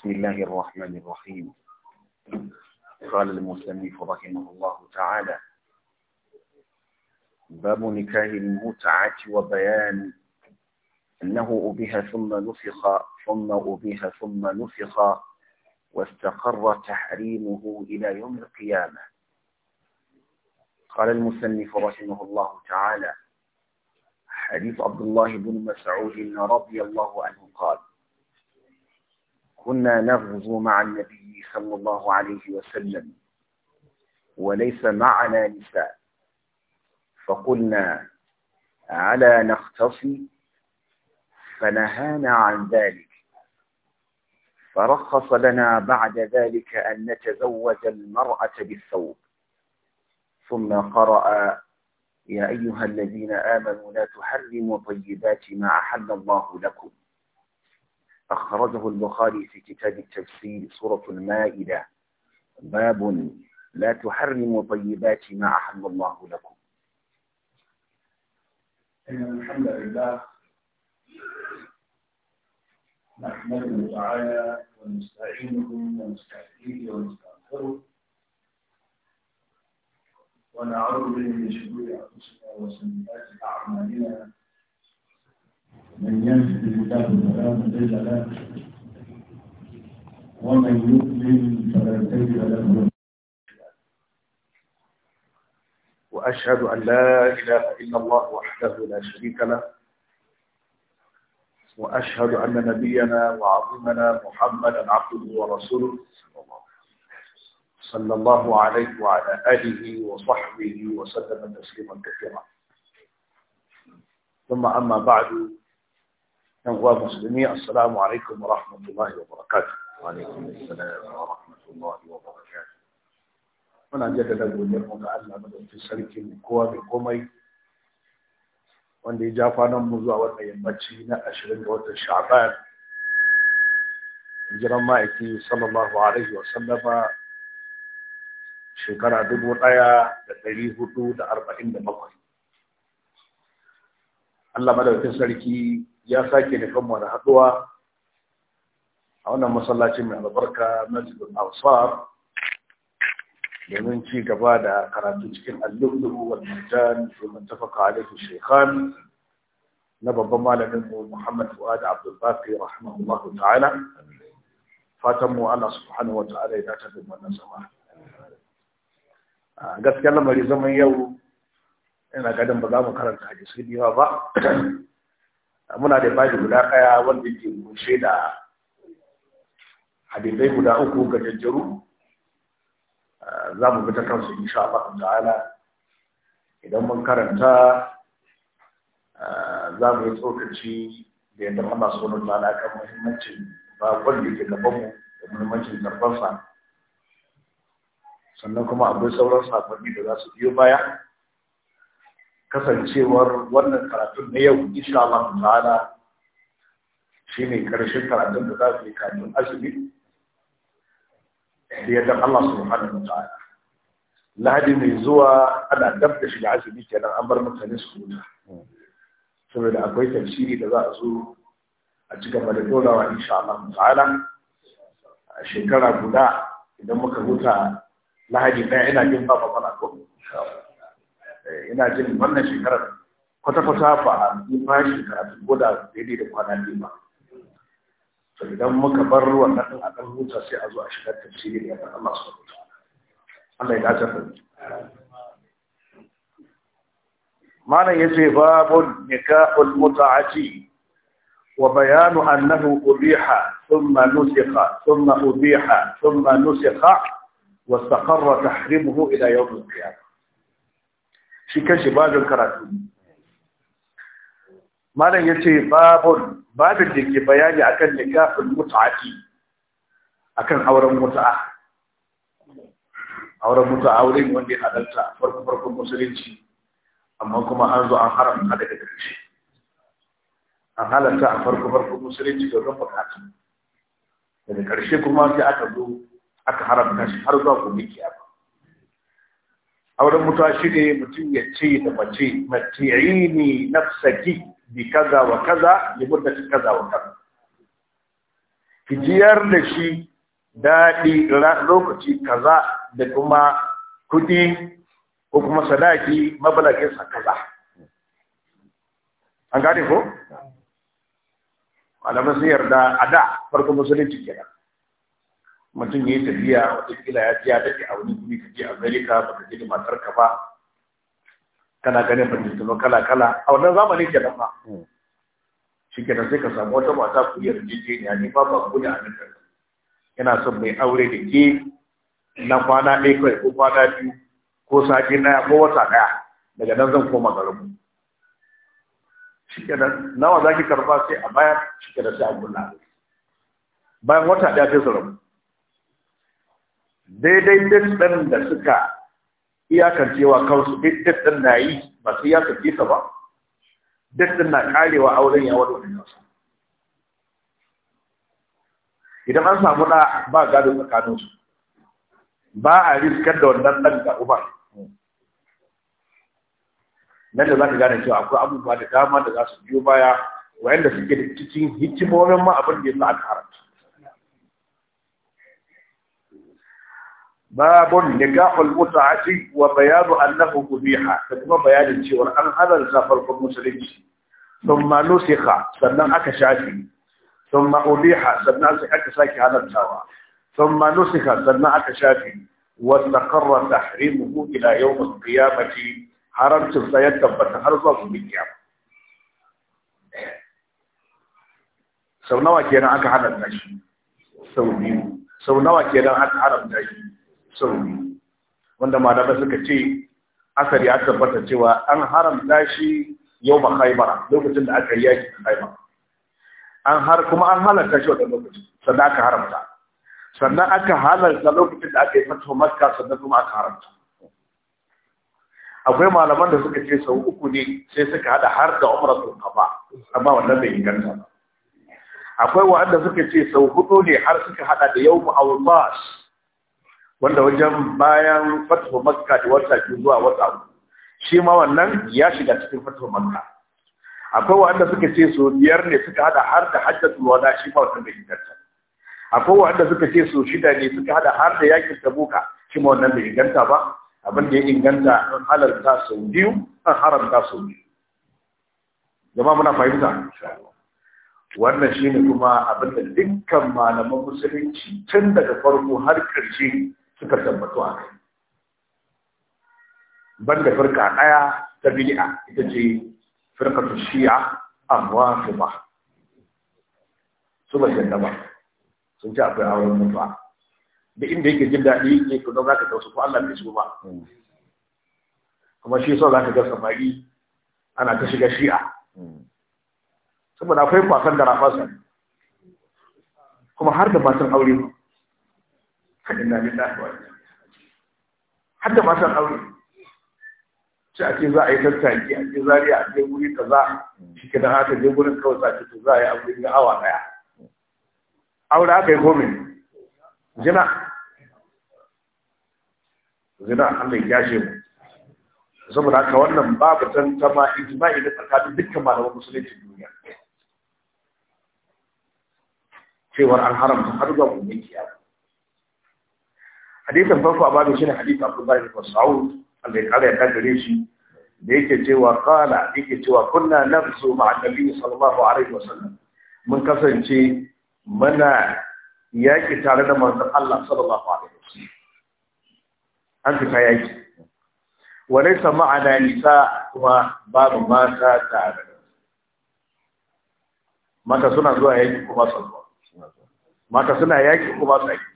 بسم الله الرحمن الرحيم قال المصنف رحمه الله تعالى باب نكاه المتعة وبيان أنه أبيها ثم نفخ ثم أبيها ثم نفخ واستقر تحريمه إلى يوم القيامة قال المسنف رحمه الله تعالى حديث عبد الله بن مسعود رضي الله عنه قال كنا نغزو مع النبي صلى الله عليه وسلم وليس معنا نساء فقلنا على نختصي فنهانا عن ذلك فرخص لنا بعد ذلك أن نتزوج المرأة بالثوب ثم قرأ يا أيها الذين آمنوا لا تحرموا طيبات ما أحل الله لكم أخرجه البخاري في كتاب التفسير سورة المائدة باب لا تحرموا طيبات ما أحل الله لكم إن الحمد لله نحمده تعالى ونستعينه ونستهديه ونستغفره ونعوذ به من شرور أنفسنا وسيئات أعمالنا من يهده الله فلا مضل له ومن يؤمن فلا تجد له وأشهد أن لا إله إلا الله وحده لا شريك له وأشهد أن نبينا وعظيمنا محمدا عبده ورسوله صلى الله عليه وعلى آله وصحبه وسلم تسليما كثيرا ثم أما بعد yan uwa musulmi assalamu alaikum wa rahmatullahi wa barakatuh wa alaikum assalam wa rahmatullahi wa barakatuh muna jaddada godiyar mu ga Allah madaukakin sarki mu kowa mai komai wanda ya ja mu zuwa wannan yammaci na ashirin ga watan sha'ban hijiran ma'aiki sallallahu alaihi shekara dubu ɗaya da ɗari hudu da arba'in da bakwai Allah madaukakin sarki ya sake nufin kanmu da haduwa a wannan masallacin mai albarka masjidul awsar domin ci gaba da karatu cikin al-lubu wal marjan fi muttafaqa alayhi shaykhan na babban malamin mu Muhammad Fuad Abdul Baqi rahimahullahu ta'ala fatan mu Allah subhanahu wa ta'ala ya dace da wannan sama. gaskiya lamari zaman yau ina gadin ba za mu karanta hadisai da yawa ba muna da baji guda kaya wanda yake kunshe da hadisai guda uku ga jajjaru za mu bi ta kansu insha Allah ta'ala idan mun karanta za mu yi tsokaci da yadda muna subhanahu wa ta'ala alaƙa muhimmancin ba da yake gaban mu da muhimmancin karbansa sannan kuma akwai sauran sakonni da za su biyo baya kasancewar wannan karatun na yau insha Allah ta'ala ne ƙarshen karatun da za su yi kafin azumi da yadda Allah subhanahu ta'ala lahadi mai zuwa ana dab da shiga azumi kenan an bar mutane su huta saboda akwai tafsiri da za a zo a ci gaba da dorawa insha Allah ta'ala a shekara guda idan muka huta lahadi ɗaya ina jin ba ba mana ko insha Allah Eh, ina jin wannan shekarar kwata-kwata ba a yi bashi a ko da daidai da kwana biyu ba to idan muka bar wannan ɗin a ɗan huta sai a zo a shigar tafsiri da yadda Allah su rubuta Allah ya dace da malam ya yace babun nikahul muta'ati وبيان ubiha, أبيح ثم نسخ ثم أبيح ثم نسخ واستقر تحريمه إلى يوم القيامة shi shi babin karatu malam ya ce babin babin da ke bayani akan nikafin mutu'aki akan auren mutu'a auren mutu'a auren wanda ya halarta farko farkon musulunci amma kuma an zo an haramta daga ƙarshe an halarta a farko farkon musulunci zan bukatu daga ƙarshe kuma sai aka zo aka haramta shi har zuwa gobe kiyama auren mutuwa shi ne mutum ya ce da mace na nafsaki bi kaza wa kaza ya ci kaza wa kaza ki jiyar da shi daɗi lokaci kaza da kuma kuɗi ko kuma sadaki sa kaza an gane ko? alamun sun yarda a da farko musulunci kenan mutum ya yi tafiya watakila ya ji ya ke a wani guri ka amerika ba ka je da ka ba kana ganin fahimtano kala kala a wannan zamanin nan ma hmm. shi kenan sai ka samu wata mata ku yarjejeniya ne ba ba ku da aminta yana son mai aure da ke na kwana ɗaya kawai ko kwana biyu ko sati ɗaya ko wata ɗaya daga nan zan koma garinmu shi kenan nawa za ki karba sai a bayan shi kenan sai a kula bayan wata ɗaya sai su rabu daidai ɗin da suka iyakancewa kansu duk ɗin na yi ba su iyakance ka ba duk ɗin na karewa auren ya wani wani idan an samu na ba gado tsakaninsu ba a riskar da wannan ɗan ga umar nan da za ka gane cewa akwai abubuwa da dama da za su biyo baya wa'anda suke da cikin hikimomin ma abin da ya sa a karatu babun nikahul mut'ati wa bayanu annahu ubiha da kuma bayanin cewa an halalta farkon musulunci thumma nusikha sannan aka shafi thumma ubiha sannan sai aka saki halaltawa thumma nusikha sannan aka shafi wa taqarra tahrimuhu ila yawm al-qiyamati haramcin sa ya tabbata har zuwa gobe kiyama sau nawa kenan aka haramta shi sau biyu sau nawa kenan aka haramta shi sau biyu wanda malamai suka ce asali a tabbata cewa an haramta shi yau ba haibara lokacin da aka yi yaki da haibara an har kuma an halarta shi wadda lokacin sannan aka haramta sannan aka halarta lokacin da aka yi fatuwa makka sannan kuma aka haramta akwai malaman da suka ce sau uku ne sai suka hada har da umaratul ba amma wannan bai inganta ba akwai wa'anda suka ce sau hudu ne har suka hada da yawmu bas. wanda wajen bayan fatwa makka da wata biyu zuwa wata shi ma wannan ya shiga cikin fatwa makka akwai wanda suka ce so biyar ne suka hada har da hajjatul wada shi ma wannan bai inganta akwai wanda suka ce so shida ne suka hada har da yakin tabuka shi ma wannan bai inganta ba abin da ya inganta an halarta sau biyu an haramta sau biyu jama'a muna fahimta wannan shine kuma abin da dukkan malaman musulunci tun daga farko har ƙarshe suka tabbatu a kai banda firka ɗaya ta bid'a ita ce ta shi'a su ba. su ba shi ba sun ci akwai auren mutuwa da inda yake jin daɗi ne ku don zaka tausu ko Allah bai so ba kuma shi so zaka ga samari ana ta shiga shi'a saboda akwai kwasan da rafasa kuma har da matan aure ba da lillahi wa Har da matan aure sai a ce za a yi tattaki a ce zariya a ce wuri kaza shi ke dan haka je gurin kawai sa ce za a yi aure na awa ɗaya. aure aka yi kome jina zina Allah ya kyashe mu saboda haka wannan babu tantama ijma'i da tsakanin dukkan malaman musulunci duniya cewar an haramta har ga mu ne kiyama hadisin farko a babu shine hadisi Abdullahi bin Mas'ud Allah ya kare ya gare shi da yake cewa qala yake cewa kunna nafsu ma'a nabi sallallahu alaihi wasallam mun kasance mana yaki tare da manzon Allah sallallahu alaihi wasallam an fita yaki Wani laysa ma'ana nisa kuma babu mata tare mata suna zuwa yaki kuma sallallahu mata suna yaki kuma sallallahu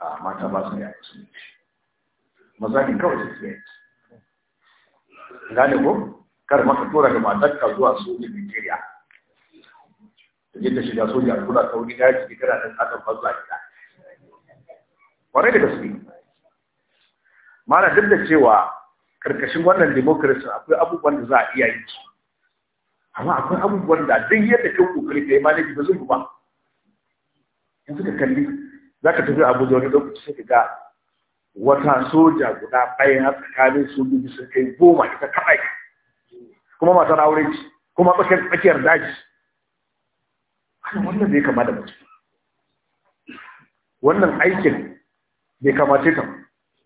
a mata ba su yaya su maza ne kawai su yi gane ko kar maka tura da ka zuwa sojin nigeria da ta shiga soja a tura ta wuri daji da kana ɗan adam banza gida kwarai da gaske mana duk da cewa karkashin wannan democracy akwai abubuwan da za a iya yi amma akwai abubuwan da duk yadda kyau kokari da ya manage ba zai ba yanzu ka kalli za ka tafi abuja wani lokaci sai ka ga wata soja guda ɗaya na tsakanin sojoji sun kai goma ita kaɗai kuma matar aure ce kuma tsakiyar daji wannan bai kama da mace wannan aikin bai kamace ta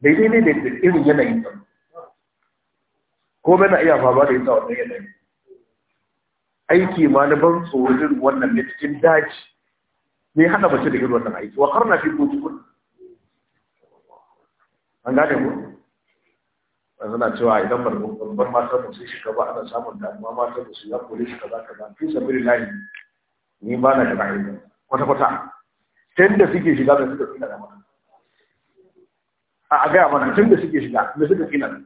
daidai ne da irin yanayin ta ko bai na iya fama da ita wannan yanayin aiki ma na ban tsoron wannan mai cikin daji ne hana mace da irin wannan aiki wa karna fi bujukun an gane mu zana cewa idan babban matar mu sai shiga ba ana samun damuwa matar mu su ya kore shi kaza kaza fi sabiri lahi ni ba na shiga aiki kwata kwata tun da suke shiga da suka fina da mata a gaya mana tun da suke shiga da suka fina da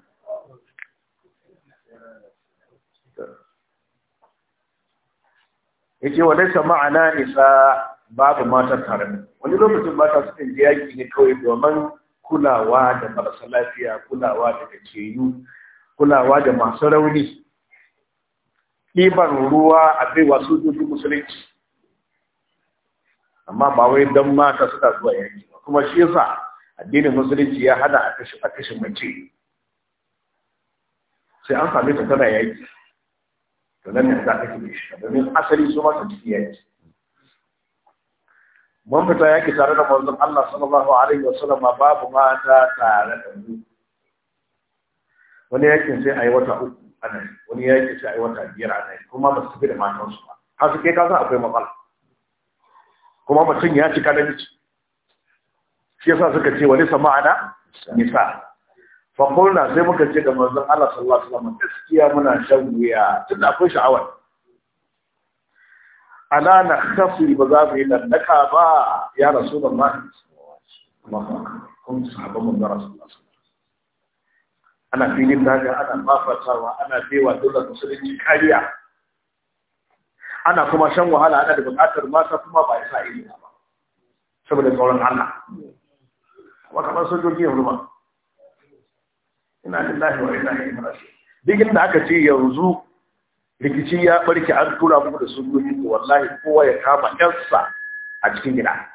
yake wa laisa ma'ana isa babu mata tare wani lokacin mata sukan je yaki ne kawai domin kulawa da marasa lafiya kulawa da gajiyu kulawa da masu rauni ɗiban ruwa a bai wasu dubu musulunci amma ba wai don mata suna zuwa yaki ba kuma shi yasa addinin musulunci ya hana a kashe a mace sai an same ta tana yaki to nan ne za ta kike shi domin asali su ma ciki yaki mun fita yaki tare da manzon Allah sallallahu alaihi wasallam babu mata tare da mu wani yakin sai a yi wata uku a nan wani yakin sai a yi wata biyar a nan kuma ba su tafi da wasu ba har su kai kasa akwai matsala kuma mutum ya cika da miki shi yasa suka ce wani sama'ana nisa fa kullu sai muka ce ga manzon Allah sallallahu alaihi wasallam gaskiya muna shan wuya tunda akwai sha'awar ala na kasu ba za mu yi lallaka ba ya rasu da ba kuma kun mun da rasu ana filin daga ana mafatawa ana baiwa dole musulunci kariya ana kuma shan wahala ana da bukatar mata kuma ba sa ilimi ba saboda tsoron Allah wa kamar sojoji yanzu ba ina lillahi wa inna ilaihi raji'un duk inda aka ce yanzu rikici ya barke an tura muku da sunnoni to wallahi kowa ya kama ƴansa a cikin gida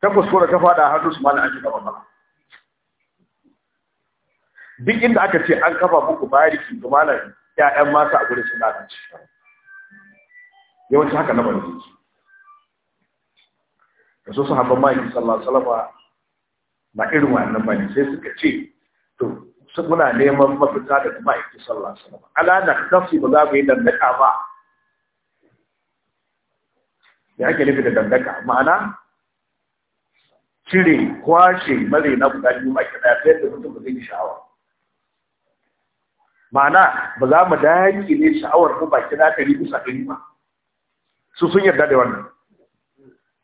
ta kuskura ta fada har su mana ajiye gaba duk inda aka ce an kafa muku bariki to malam ƴaƴan mata a gurin suna da yawanci haka na bari da su sahabban mai sallallahu alaihi wasallam na irin wannan bani sai suka ce suna neman mafita da kuma aiki sallah ba ala na kafi ba za mu yi dandaka ba ya ake nufi da dandaka ma'ana cire kwashe mare na guda biyu maki ɗaya ta yadda mutum ba zai yi sha'awa ma'ana ba za mu daƙi ne sha'awar mu baki na ɗari bisa ɗari ba su sun yarda da wannan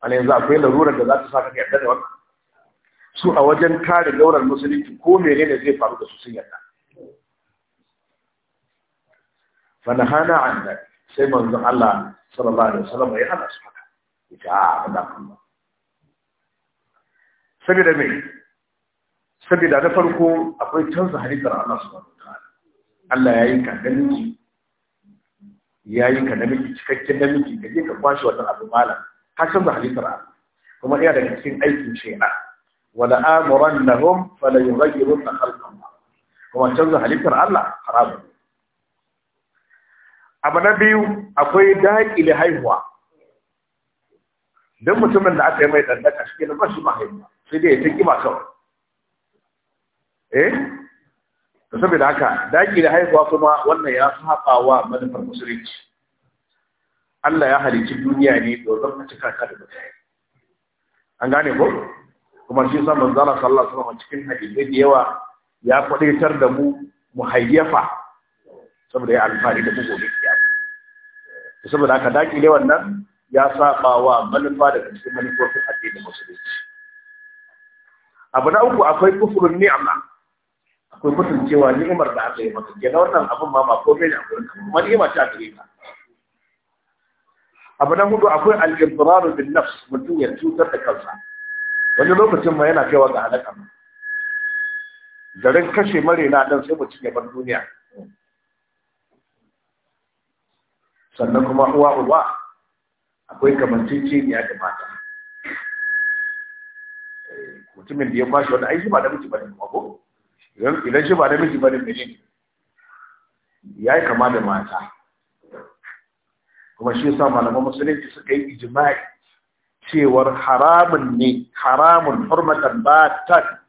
a yanzu akwai larurar da za ta sa ka yarda da wannan su a wajen kare daular musulunci ko ne zai faru da su sun yarda hana an sai manzon Allah sallallahu alaihi wasallam ya hana su haka ita a da kuma saboda me saboda da farko akwai canza halittar Allah subhanahu wataala Allah ya yi ka namiji ya yi ka namiji cikakken namiji da ka kwashi wannan abu malam ka canza halittar Allah kuma iya daga cikin aikin shay'a wala amurannahum fala yughayyirunna khalqallah kuma canza halittar Allah haramun abu na biyu akwai daƙile haihuwa don mutumin da aka yi mai ɗanɗaka shi ne masu shi sai dai ta ƙiba kawai eh to saboda haka daƙile haihuwa kuma wannan ya saba wa manufar musulunci Allah ya halicci duniya ne domin a cika ka da mutane an gane ko kuma shi sa manzo Allah sallallahu alaihi wasallam cikin hadisi da yawa ya fadaitar da mu muhayyafa saboda ya alfari da bugu da kiyama saboda haka ne wannan ya saba wa manufa da cikin manufofin addinin musulunci abu na uku akwai kufurin ni'ama akwai cewa ni'imar da aka yi maka kenan wannan abin ma ba komai ne a gurin ka kuma ni'ima ta gare ka abu na hudu akwai al-idraru bin nafs mutum ya cutar da kansa wani lokacin ma yana kaiwa ga halaka garin kashe na dan sai mutum ya bar duniya sannan kuma uwa uwa akwai kamanceceniya da mata mutumin da ya kwashe wani aiki ba da miji kuma mako idan shi ba da miji ne mai ya yi kama da mata kuma shi sa malaman musulunci suka yi ijima'i. cewar haramun ne haramun hurmatan ba ta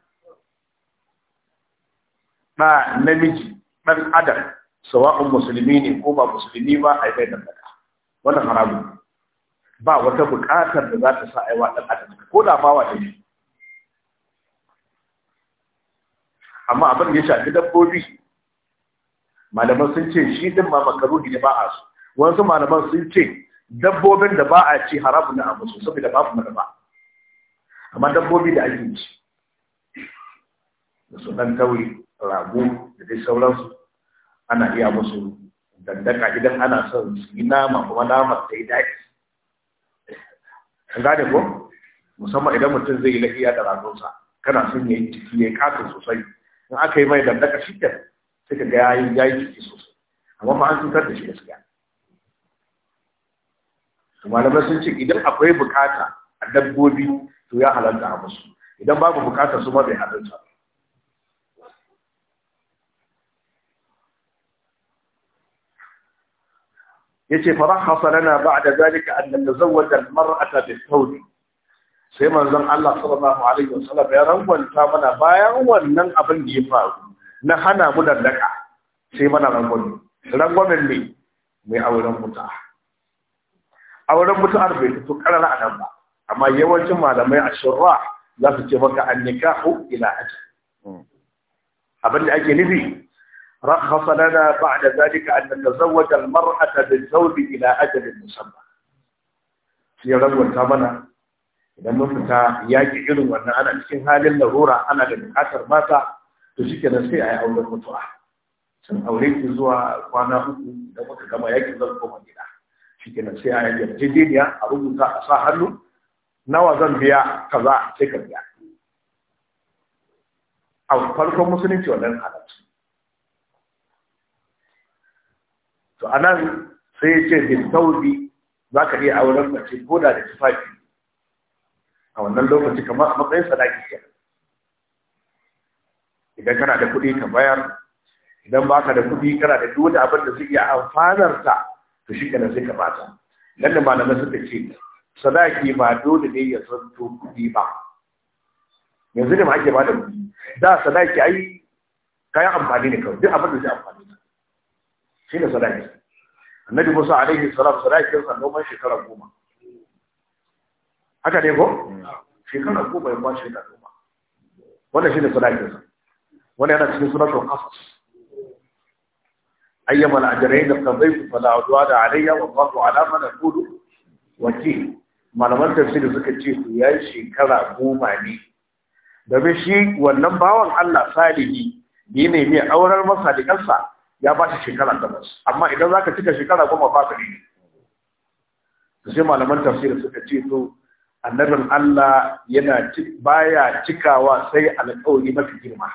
na namiji ɗan adam sawa'un musulmi ne ko ba musulmi ba a yi bai dangaka wannan haramun ba wata buƙatar da za ta sa aiwa ɗan adam ko da ba wata ne amma abin da ya shafi dabbobi malaman sun ce shi ɗin ma makaruhi ne ba a su wasu malaman sun ce dabbobin da ba a ci haramun na abu su da babu ba, amma dabbobi da ake ci da su ɗan tauri rago da dai sauransu ana iya musu dandaka idan ana son su yi nama kuma nama ta yi daɗi an gane ko musamman idan mutum zai yi lafiya da ragonsa kana son ya yi ciki ya kasa sosai in aka yi mai dandaka shi ke sai ka ga ya yi ciki sosai amma ma an cutar da shi gaskiya malamai sun ce idan akwai bukata a dabbobi to ya halarta a musu idan babu bukata su ma bai halatta yace farahhas lana ba'da zalika an natazawwaj al-mar'ata bis-sawd sai manzon Allah sallallahu alaihi wasallam ya rangwanta mana bayan wannan abin da ya faru na hana mu dallaka sai mana rangwani rangwamen ne mai auren wuta. a wurin mutu'ar bai fito karar a nan ba amma yawancin malamai a shirra za su ce maka an nikahu ila ajal hmm. abin da ake nufi rakhasa lana da zalika an natazawwaja al-mar'ata bi-zawj ila ajalin musamman. sai ragwanta mana idan mun fita yaki irin wannan ana cikin halin larura ana da bukatar mata to na sai ayi auren mutuwa sun aure ki zuwa kwana uku da muka gama yakin zan koma gida shikenan sai a jejeniya a rubuta a sa hannu nawa zan biya kaza sai ka biya a farkon musulunci wannan halatta to anan sai ya ce bin saudi za ka iya auren mace ko da da tufafi a wannan lokaci kamar a matsayin sadaki ke idan kana da kuɗi ka bayar idan baka da kuɗi kana da duk wani abin da zai iya amfanarta. to shi kenan sai ka bata nan da malamai suka ce sadaki ba dole ne ya zanto kudi ba yanzu ne ma ake bada kudi da sadaki ai kayan amfani ne kawai duk abin da zai amfani ne shi ne sadaki annabi musa alaihi salam sadakin sa noman shekara goma haka ne ko shekara goma ya kwashe da goma, wannan shi ne sadakin sa wannan yana cikin suratul qasas أيما الأجرين قضيت فلا عدوان علي والله على ما نقول وكيل ما tafsiri suka ce ya yi shekara goma ne domin shi wannan bawan Allah salihi ne ne mai aurar ya ba shi shekara takwas amma idan zaka cika shekara goma ba ka sai malaman tafsiri suka ce to annabin Allah yana baya cikawa sai alƙawari mafi girma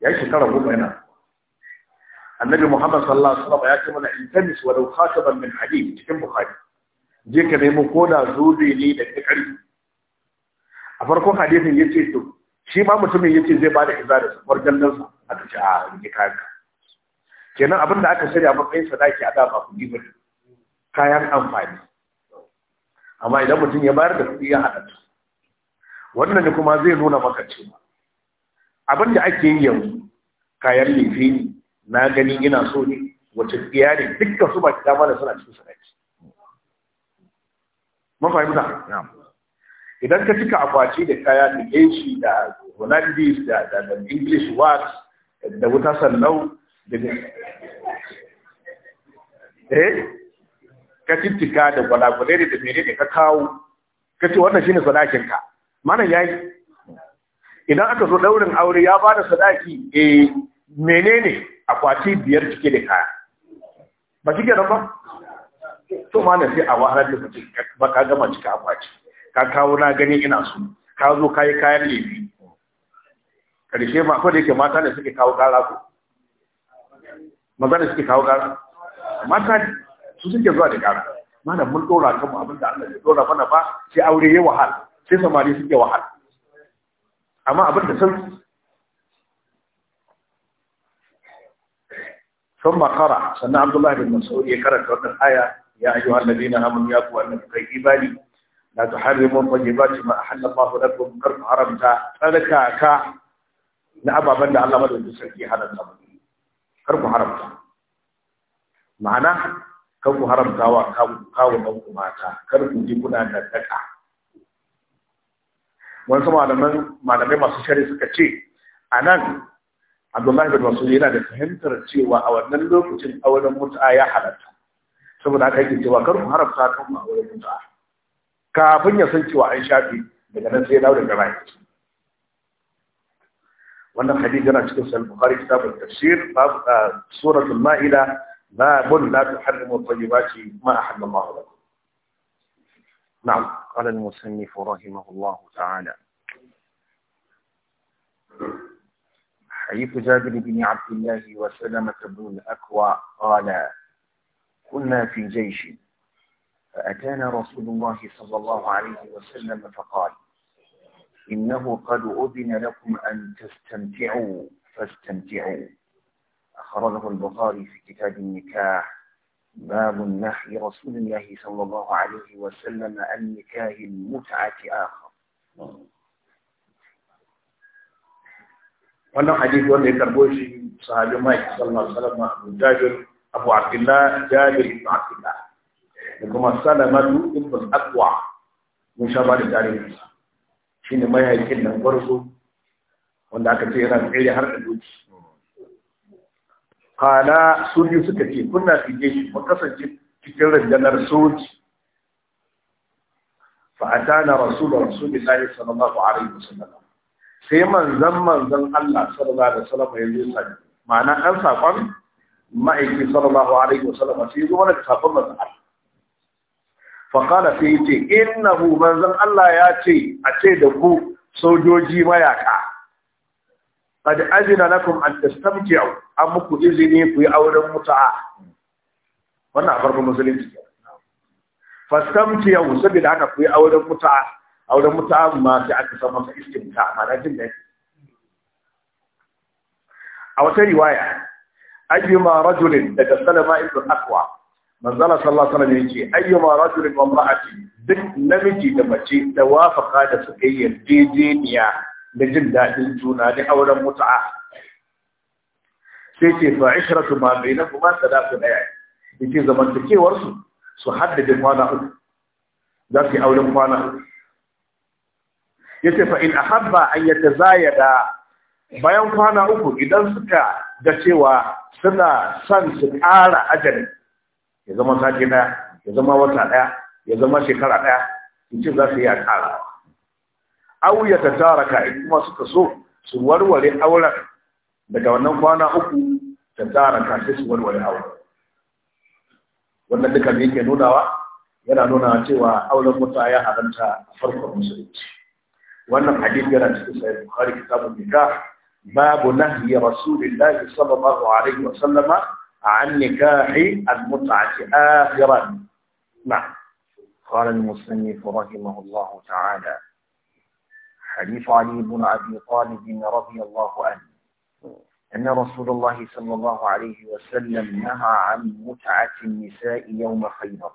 ya shekara goma yana annabi muhammad sallallahu alaihi wasallam ya ce mana iltamis wa law khataban min hadid cikin bukhari je ka nemo ko da zobe ne da kikari a farkon hadisin yace to shi ma mutumin yace zai bada izara da fargallan sa aka ce a ah, rike kaka kenan abin da aka shirya matsayin sadaki a da ba kuɗi ba kayan amfani amma idan mutum ya bayar da kuɗi ya halatta wannan ne kuma zai nuna maka cewa abin da ake yi yanzu kayan lefe ne na gani ina so ne wace tsiya ne dukkan su ki dama da suna cikin sadaki mun fahimta idan ka cika akwati da kaya da geshi da ronaldis da da english Wax da wuta sannau da eh ka cika da gwalagwale da mere da ka kawo ka ce wannan shine sadakin ka ya yi. idan aka zo ɗaurin aure ya ba da sadaki eh menene akwati biyar cike da kaya ba shi nan ba to ma na sai a wahalar da mutum ba ka gama cika akwati ka kawo na gani ina so ka zo ka yi kayan lebi karshe ma ko da yake mata ne suke kawo kara ko maza ne suke kawo kara mata su suke zuwa da kara mana mun dora kan mu abinda Allah ya dora mana ba sai aure ya wahala, sai samari suke wahala. amma abin da sun ثم قرأ سنة عبد الله بن مسعود يقرأ تلك الآية يا أيها الذين آمنوا يا قوة أنكم طيبان لا تحرموا الطيبات ما أحل الله لكم قرب عرب حرمتا فلك كا نعبا بنا الله مدى سكي هذا كرم قرب عرب kan معنى قرب عرب kawunan وقاو موت kar ku ji kuna da daga wasu malamai masu shari suka عبد الله بن مسعود يلا فهمت رجيه وأول نلو كتير أول موت آية حلت ثم ذاك يجي جوا كرم هرب ساكم أول موت آية كافن يسنج جوا إن شاء الله بجانب سيدنا ولد جماعي وانا خديجة أنا أشكر سيد البخاري كتاب التفسير باب سورة المائدة باب لا تحرم الطيبات ما أحد الله لكم نعم قال المصنف رحمه الله تعالى حديث جابر بن عبد الله وسلمة بن الأكوع قال كنا في جيش فأتانا رسول الله صلى الله عليه وسلم فقال إنه قد أذن لكم أن تستمتعوا فاستمتعوا أخرجه البخاري في كتاب النكاح باب نحي رسول الله صلى الله عليه وسلم عن نكاه المتعة آخر نعم. wannan hadisi wanda ya karbo shi sahabi mai sallallahu alaihi wasallam Abu Jabir Abu Abdullah Jabir ibn Abdullah da kuma Salamatu ibn Aqwa mun sha ba da tarihi shine mai haikin nan gwarzo wanda aka ce yana tsere har da doki Kana sun yi suka ce kuna fige shi mu kasance cikin rundunar soji fa'atana rasulun rasulullahi sallallahu alaihi wasallam sai manzan manzan Allah sallallahu alaihi wasallam ya yi sani ma'ana an sakon ma'aiki sallallahu alaihi wasallam sai zo mana sakon manzan Allah fa qala sai yace innahu manzan Allah ya ce a ce da ku sojoji mayaka qad azina lakum an tastamti'u an muku izini ku yi auren mutu'a wannan a farkon musulunci yau saboda haka ku yi auren mutu'a auren mutanen ma sai aka san masa ta a jin ne a wata riwaya ayyuma rajulin daga salama ibn aqwa manzala sallallahu alaihi wasallam yace ayyuma rajulin wa imra'atin duk namiji da mace da wafaka da suka yi yarjejeniya da jin daɗin juna da auren mutu'a sai ce fa ishratu ma bainakuma sadaqu daya yace zamantakewar su su haddade kwana uku za su yi auren kwana uku yace fa in ahabba an zayada bayan kwana uku idan suka ga cewa suna son su ƙara ajali ya zama sati ɗaya ya zama wata ɗaya ya zama shekara ɗaya in ce za su yi ƙara au ya ta ka in kuma suka so su warware auren daga wannan kwana uku ta sai su warware auren wannan duka ne yake nunawa yana nuna cewa auren mutane ya haranta a farkon musulunci حديث جانا في سيد البخاري كتاب النكاح باب نهي رسول الله صلى الله عليه وسلم عن نكاح المتعة آخرا نعم قال المصنف رحمه الله تعالى حديث علي بن أبي طالب رضي الله عنه أن رسول الله صلى الله عليه وسلم نهى عن متعة النساء يوم خيبر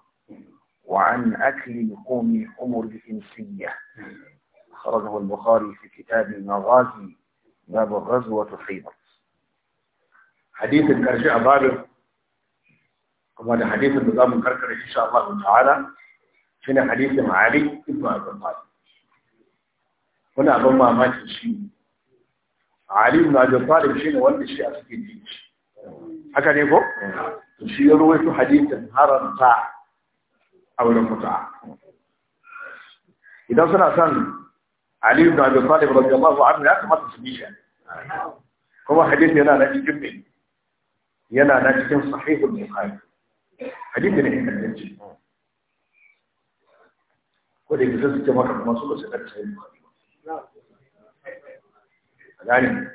وعن أكل لحوم الحمر الإنسية أخرجه البخاري في كتاب المغازي باب غزوة خيبر حديث الكرشع بابه وهذا حديث النظام الكركر إن شاء الله تعالى هنا حديث معالي ابن أبي طالب هنا أبو ما مات شيء علي بن أبي طالب شنو ولد شيء أسكت فيه haka ne ko? to حديث ya ruwaito أو haramta إذا صنع idan علي بن ابي طالب رضي الله عنه ياك ما تسميه يعني هو حديث ينا ناكي جمين ينا ناكي جم صحيح البخاري حديث ينا ناكي جمين قولي جزيز جمع ربما صلو سيدك صحيح البخاري يعني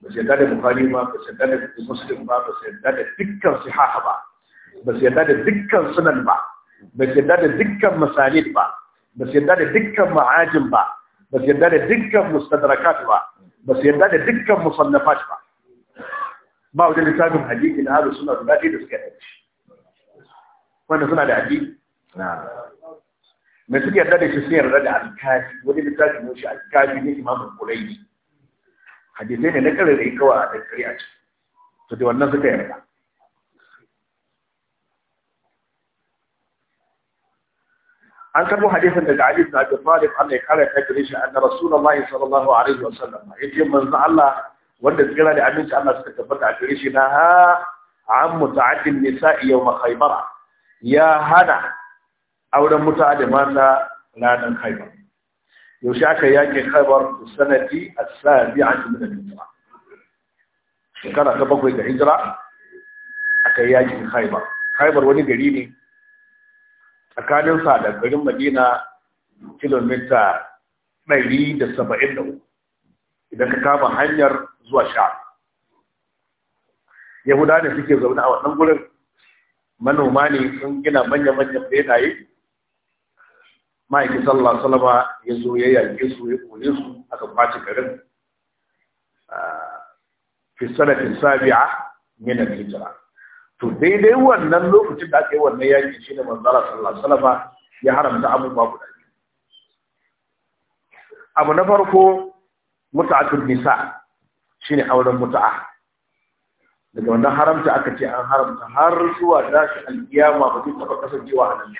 بس يدان البخاري ما بس يدان المسلم ما بس يدان الذكر صحاح ما بس يدان الذكر سنن ما بس يدان الذكر مسالين ما بس يدان الذكر معاجم ما ba su yarda da dukkan mustadrakat ba ba su yadda da dukkan musannafat ba ba wajen littafin hadithi na halu suna guda da suka yarda wanda suna da hadisi mai suke yadda da shi sun yarda da alkafi wani littafin mushi alkafi ne imamun kulaini Hadithai ne na kare da kawai a dakkari a ciki to da wannan suka yarda an karbo hadisin daga Ali ibn Abi Talib Allah ya kare kai kishi anna Rasulullah sallallahu alaihi wasallam yace manzo Allah wanda tsira da aminci Allah suka tabbata a gare shi na ha an muta'addin nisa'i yawm khaybar ya hada auren mutu'a da mata ranan khaybar yaushe aka yake khaybar sanadi as sabiah min al-hijra shekara ta bakwai ga Hijra aka yake khaybar khaybar wani gari ne tsakanin sa da garin madina kilomita ɗari idan ka kama hanyar zuwa sha yahuda ne suke zaune a wannan gurin manoma ne sun gina manya-manyan benaye ma'aikin sallah salama ya zo ya yanke su ya kone su aka kwace garin ah, fi sanatin sabi'a to daidai wannan lokacin da aka yi wannan yaki shi ne manzara sallallahu alaihi wasallam ya haramta abubuwa guda abu na farko muta'atul nisa shine auren muta'a daga wannan haramta aka ce an haramta har zuwa dashi alkiyama ba zai ba kasancewa a nan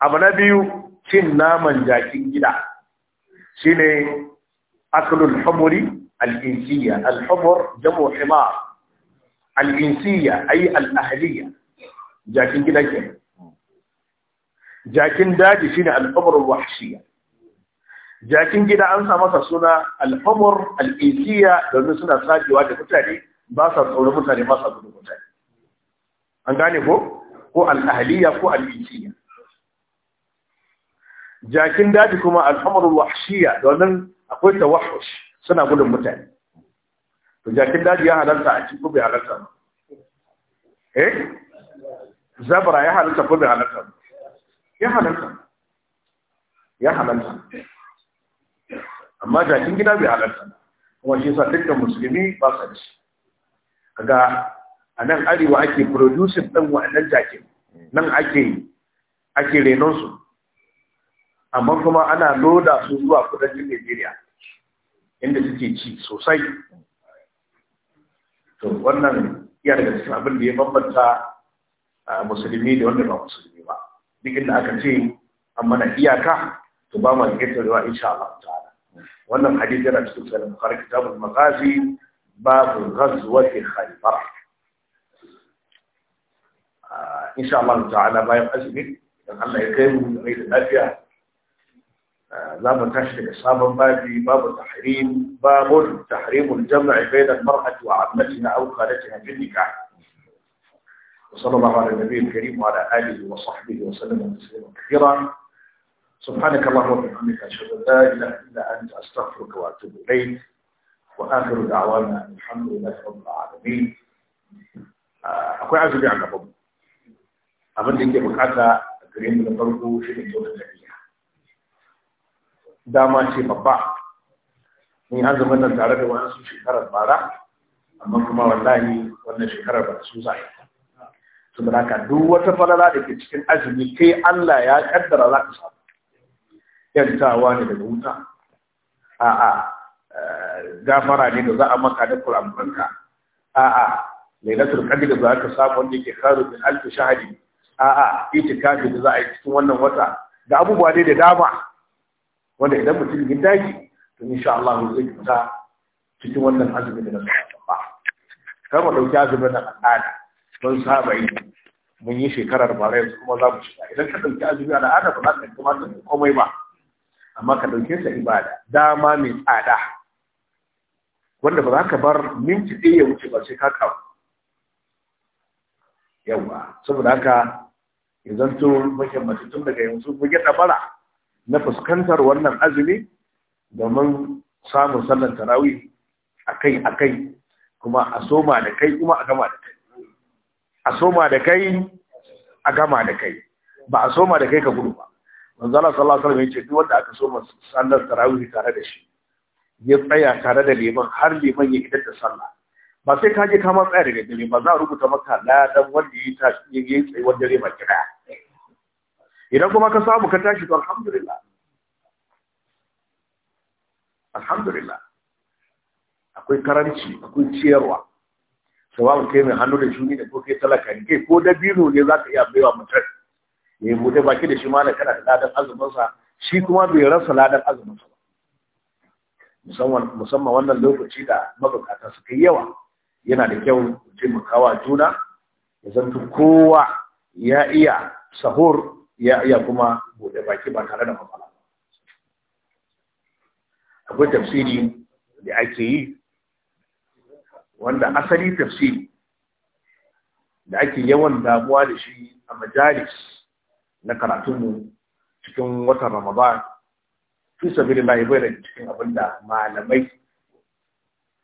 abu na biyu cin naman jakin gida shine aklul hamuri al-insiya al-humur jamu himar al'insiya ai al'ahaliya jakin gida ke jakin daji shine al'umar wahshiya jakin gida an sa masa suna al'umar al'insiya domin suna sajewa da mutane ba sa tsoron mutane ba sa gudun mutane an gane ko ko al'ahaliya ko al'insiya jakin daji kuma al'umar wahshiya domin akwai tawahhush suna gudun mutane to jakin daji ya halarta a cikin ko bai halarta ba eh zabara ya halarta ko bai halarta ba ya halarta ya halarta amma jakin gida bai halarta kuma shi yasa dukkan musulmi ba sa da shi kaga a nan arewa ake producing ɗin wa'annan jakin nan ake ake renon su amma kuma ana loda su zuwa kudancin Najeriya inda suke ci sosai to wannan iya daga cikin abin da ya bambanta musulmi da wanda ba musulmi ba duk inda aka ce an mana iyaka to ba mu ƙetarewa insha Allah ta'ala wannan hadisi yana cikin sahih bukhari kitabul maghazi babu ghazwati khaybar insha Allah ta'ala bayan azumi dan Allah ya kai mu da lafiya لا متشكل إصابا بادي باب التحريم باب التحريم الجمع بين المرأة وعمتها أو خالتها في النكاح وصلى الله على النبي الكريم وعلى آله وصحبه وسلم تسليما كثيرا سبحانك اللهم وبحمدك أشهد أن لا إله إلا أنت أستغفرك وأتوب إليك وآخر دعوانا الحمد لله رب العالمين أكو آه، عزيزي على ربي أبدا كيف كاتا كريم من الضرب وشيء من دون dama ce babba ni yi zama nan tare da wani shekarar bara amma kuma wallahi wannan shekarar ba su za saboda haka duk wata falala da ke cikin azumi kai Allah ya kaddara za ka samu yantawa ne daga wuta a'a eh, gafara ne da za a maka da a a'a lailatul qadr da za ka samu wanda ke karu min alf a a'a itikafi da za a yi cikin wannan wata da abubuwa ne da dama wanda idan mutum ya daki to insha Allah zai fita cikin wannan azumi da na ba kar mu dauki azumin nan al'ada don saba yi mun yi shekarar bara yanzu kuma za mu shiga idan ka dauki azumi al'ada ba za ka kuma ka komai ba amma ka dauke sa ibada dama mai tsada wanda ba za ka bar minti ɗaya ya wuce ba sai ka kawo yawa saboda haka ya zanto muhimmanci tun daga yanzu mu gyaɗa bara na fuskantar wannan azumi domin samun sallar tarawih akai akai kuma a soma da kai kuma a gama da kai a soma da kai a gama da kai ba a soma da kai ka gudu ba manzo Allah sallallahu alaihi wasallam yace duk wanda aka soma sallar tarawih tare da shi ya tsaya tare da liman har liman ya idar da sallah ba sai ka je ka ma tsaya daga dare ba za a rubuta maka ladan wanda ya yi tsaye wanda dare ba kira idan kuma ka samu ka tashi to alhamdulillah alhamdulillah akwai karanci akwai ciyarwa sawabin kai mai hannu da shuni da ko kai talaka ne kai ko dabino ne za ka iya baiwa mutum ya eh, mu da baki da shi ma kana da ladan sa? shi kuma bai rasa ladan sa ba musamman wannan lokaci da mabukata suka yi yawa yana da kyau wa juna ya zanto kowa ya iya sahur ya iya kuma bude baki ba tare da matsala akwai tafsiri da ake yi wanda asali tafsiri da ake yawan damuwa da shi a majalis na karatunmu cikin watan ramadan fi sabi na bai da cikin abin da malamai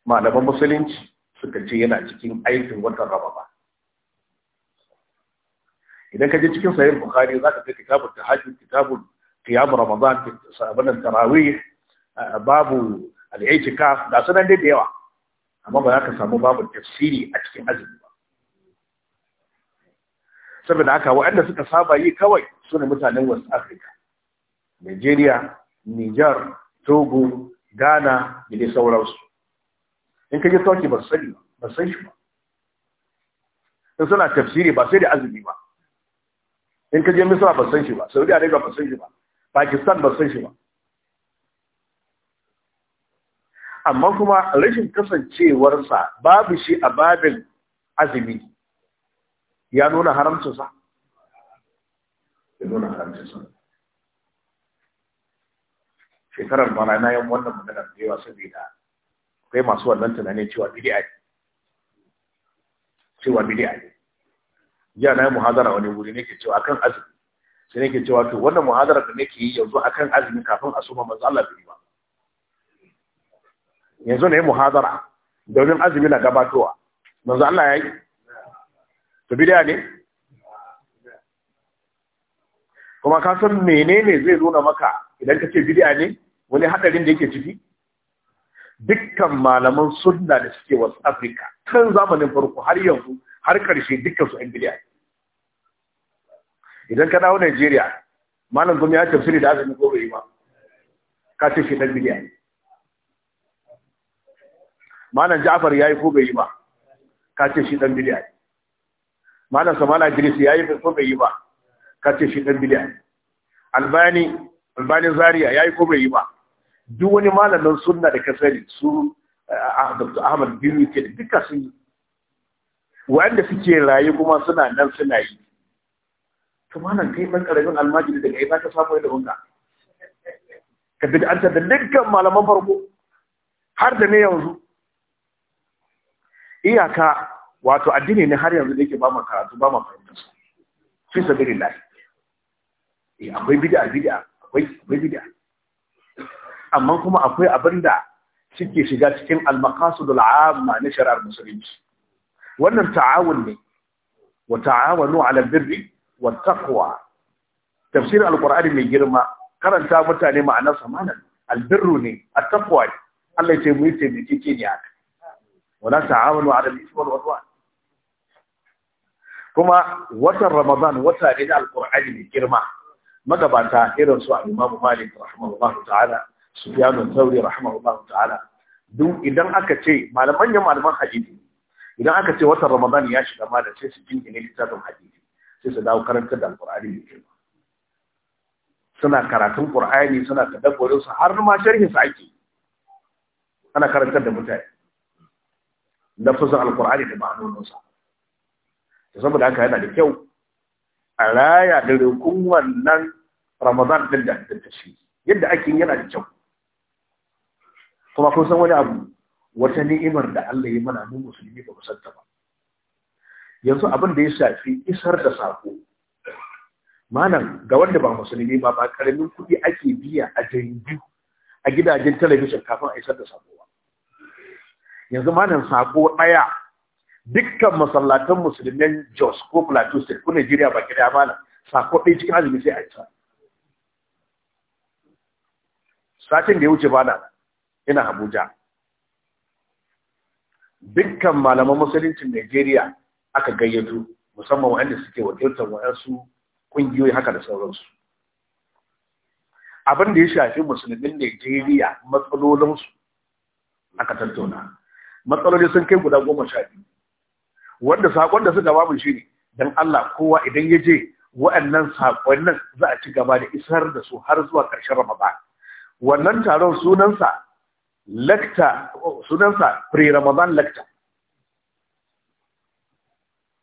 malaman musulunci suka ce yana cikin aikin watan ramadan idan ka je cikin sahih bukhari zaka ga kitabul tahajjud kitabul qiyam ramadan sabanan tarawih babu al-i'tikaf da sunan da yawa amma ba za ka samu babu tafsiri a cikin azumi ba saboda haka waɗanda suka saba yi kawai su ne mutanen west africa nigeria niger togo ghana da dai sauransu in ka je sauki ba su ba san shi ba in suna tafsiri ba sai da azumi ba in ka je misra ba san shi ba saudi arabia ba san shi ba pakistan ba san shi ba amma kuma rashin kasancewarsa babu shi a babin azumi ya nuna haramcinsa ya nuna haramcinsa shekarar bana na yin wannan maganar da yawa saboda akwai masu wannan tunanin cewa bidi'a ne cewa bidi'a ne jiya na yi muhadara wani wuri ke cewa akan azumi sai ke cewa to wannan muhadara da nake yi yanzu akan azumi kafin a soma manzo Allah biyu ba yanzu na yi da domin azumi na gabatowa manzo Allah ya yi to bidiya ne kuma ka san menene zai zo na maka idan ka ce bidiya ne wani hadarin da yake ciki dukkan malaman sunna da suke wasu Afirka kan zamanin farko har yanzu har ƙarshe dukkan su ‘yan biliya idan ka dawo nigeria malam gumi ya tafsiri da azumi ko bai ba ka ce shi ɗan biliya malam ya yi ko bai yi ba ka ce shi ɗan biliya malam samana Idris yi ko bai yi ba ka ce shi ɗan biliya Albani Albani Zaria yi ko bai yi ba duk wani malamin sunna da ka sani su eh, Ahmad biyu ke da duka sun yi wanda suke rayu kuma suna nan suna yi to malam kai ban karamin almajiri daga ina ka samu wanda ka ka bid'anta da dukkan malaman farko har da ne yanzu iyaka wato addini ne har yanzu da yake ba mu karatu ba mu fahimta fi sabilillah eh akwai bid'a bid'a akwai akwai bid'a amma kuma akwai abinda suke shiga cikin al-maqasidul amma na shari'ar musulunci wannan ta'awun ne wa ta'awanu ala birri wa taqwa tafsir alqur'ani mai girma karanta mutane ma'anar samanan albirru ne at-taqwa Allah ya ce mu yi taimake ce ne haka wala ta'awanu ala al-ithmi wal udwan kuma watan Ramadan wata ne na alqur'ani mai girma magabata irin su Imam Malik rahimahullahu ta'ala Sufyan al-Thawri rahimahullahu ta'ala duk idan aka ce malaman ya malaman hadisi idan aka ce watan ramadan ya shiga ma da sai su jingine littafin hadisi sai su dawo karanta da alqur'ani ne ke suna karatun ƙur'ani, suna tadabburin su har ma sharhi su ake ana karantar da mutane fusa alqur'ani da ma'anonin sa saboda haka yana da kyau a raya da rukun wannan ramadan din da ta shi yadda ake yana da kyau kuma kun san wani abu wata ni'imar da Allah ya mana mu musulmi ba mu ba yanzu abin da ya shafi isar da sako malam ga wanda ba musulmi ba ba karamin kuɗi ake biya a jaridu a gidajen talabijin kafin a isar da sako ba yanzu malam sako ɗaya dukkan masallatan musulmin Jos ko Plateau State ko Nigeria ba kida malam sako ɗaya cikin azumi sai a isa satin da ya wuce bana ina Abuja dukkan malaman musuluncin Najeriya aka gayyato musamman waɗanda suke wakiltar waɗansu ƙungiyoyi haka da sauransu. Abin da ya shafi musulmin Najeriya matsalolinsu aka tattauna. Matsaloli sun kai guda goma sha biyu. Wanda saƙon da suka bamu shi ne, don Allah kowa idan ya je waɗannan saƙonnin za a ci gaba da isar da su har zuwa ƙarshen Ramadan. Wannan taron sunansa lakta sunansa pre-ramadan lakta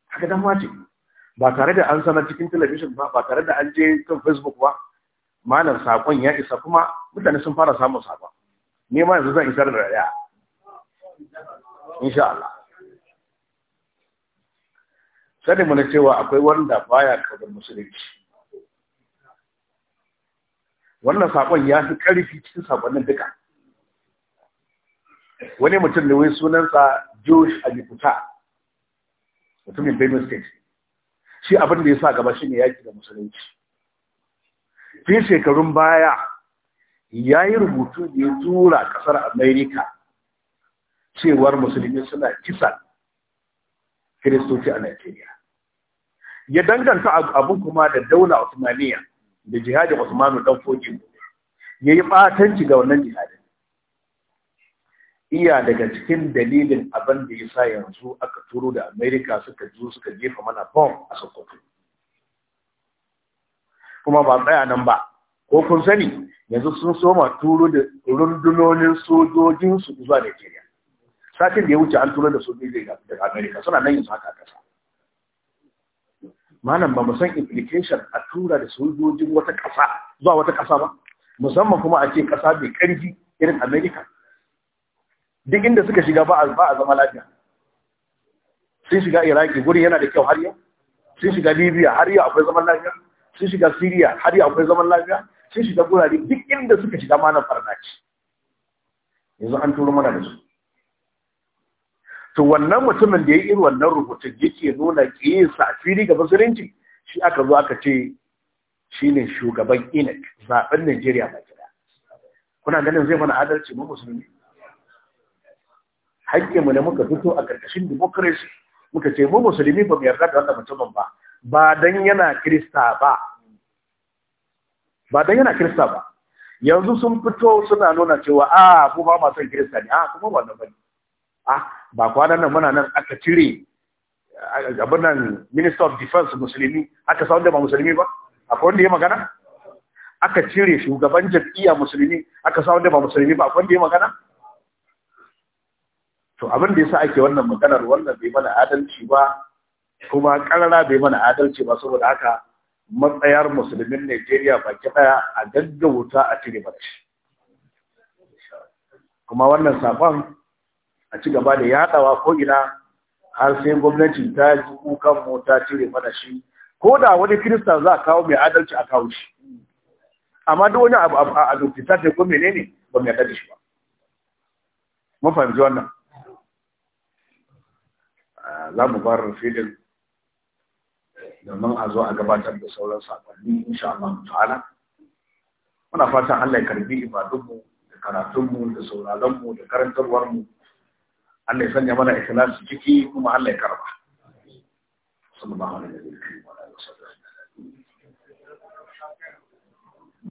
haka dama ce ba tare da an sanar cikin talabijin ba ba tare da an je kan facebook ba malam sakon ya isa kuma mutane sun fara samun sakon ne ma yanzu zan isar da raya insha Allah sani mana cewa akwai wanda baya kabar musulunci wannan sakon ya fi karfi cikin sakonnin duka wani mutum ne wai sunansa Josh Abifuta mutumin Benue State shi abin da ya sa gaba shi ne yaki da musulunci fi shekarun baya ya yi rubutu da ya tura kasar Amerika cewar musulmi suna kisan kiristoci a Najeriya ya danganta abin kuma da daula Osmaniya da jihadin Osmanu dan fogin ya yi fatanci ga wannan jihadin iya daga cikin dalilin abin da ya sa yanzu aka turo da amerika suka ji suka jefa mana bom a sokoto kuma ba tsaya nan ba ko kun sani yanzu sun soma turo da rundunonin sojojinsu zuwa nigeria sakin da ya wuce an turo da sojoji daga amerika suna nan yanzu haka kasa malam ba mu san implication a tura da sojojin wata kasa zuwa wata kasa ba musamman kuma a ce kasa mai karfi irin amerika duk inda suka shiga ba a zama lafiya sun shiga iraki guri yana da kyau har yau sun shiga libya har yau akwai zaman lafiya sun shiga syria har yau akwai zaman lafiya sun shiga gurare duk inda suka shiga mana farnaci ce yanzu an turo mana da su to wannan mutumin da ya yi wannan rubutun yake nuna kesa a fili ga musulunci shi aka zo aka ce shi ne shugaban inec zaben najeriya ba kira kuna ganin zai mana adalci mu musulmi mu da muka fito a ƙarƙashin democracy muka ce mu musulmi ba mu yarda da wannan mutumin ba ba dan yana kirista ba ba dan yana kirista ba yanzu sun fito suna nuna cewa a ku ba ma son kirista ne a kuma wannan ba a ba kwanan nan muna nan aka cire abin nan minister of defense musulmi aka sa wanda ba musulmi ba akwai wanda ya magana aka cire shugaban jam'iyya musulmi aka sa wanda ba musulmi ba akwai wanda ya magana to abin da yasa ake wannan maganar wannan bai mana adalci ba kuma karara bai mana adalci ba saboda haka matsayar musulmin Najeriya baki daya a gaggauta a cire mana shi kuma wannan sakon a ci gaba da yadawa ko ina har sai gwamnati ta ji kukan mu ta cire mana shi ko da wani kirista za a kawo mai adalci a kawo shi amma duk wani abu a dokta ta ko menene ba mai adalci ba mun fahimci wannan za mu bar filin domin a zo a gabatar da sauran sakonni insha Allah ta'ala muna fatan Allah ya karbi ibadunmu da karatunmu da sauraronmu da karantarwarmu Allah ya sanya mana ikhlasi ciki kuma Allah ya karba sallallahu alaihi wa sallam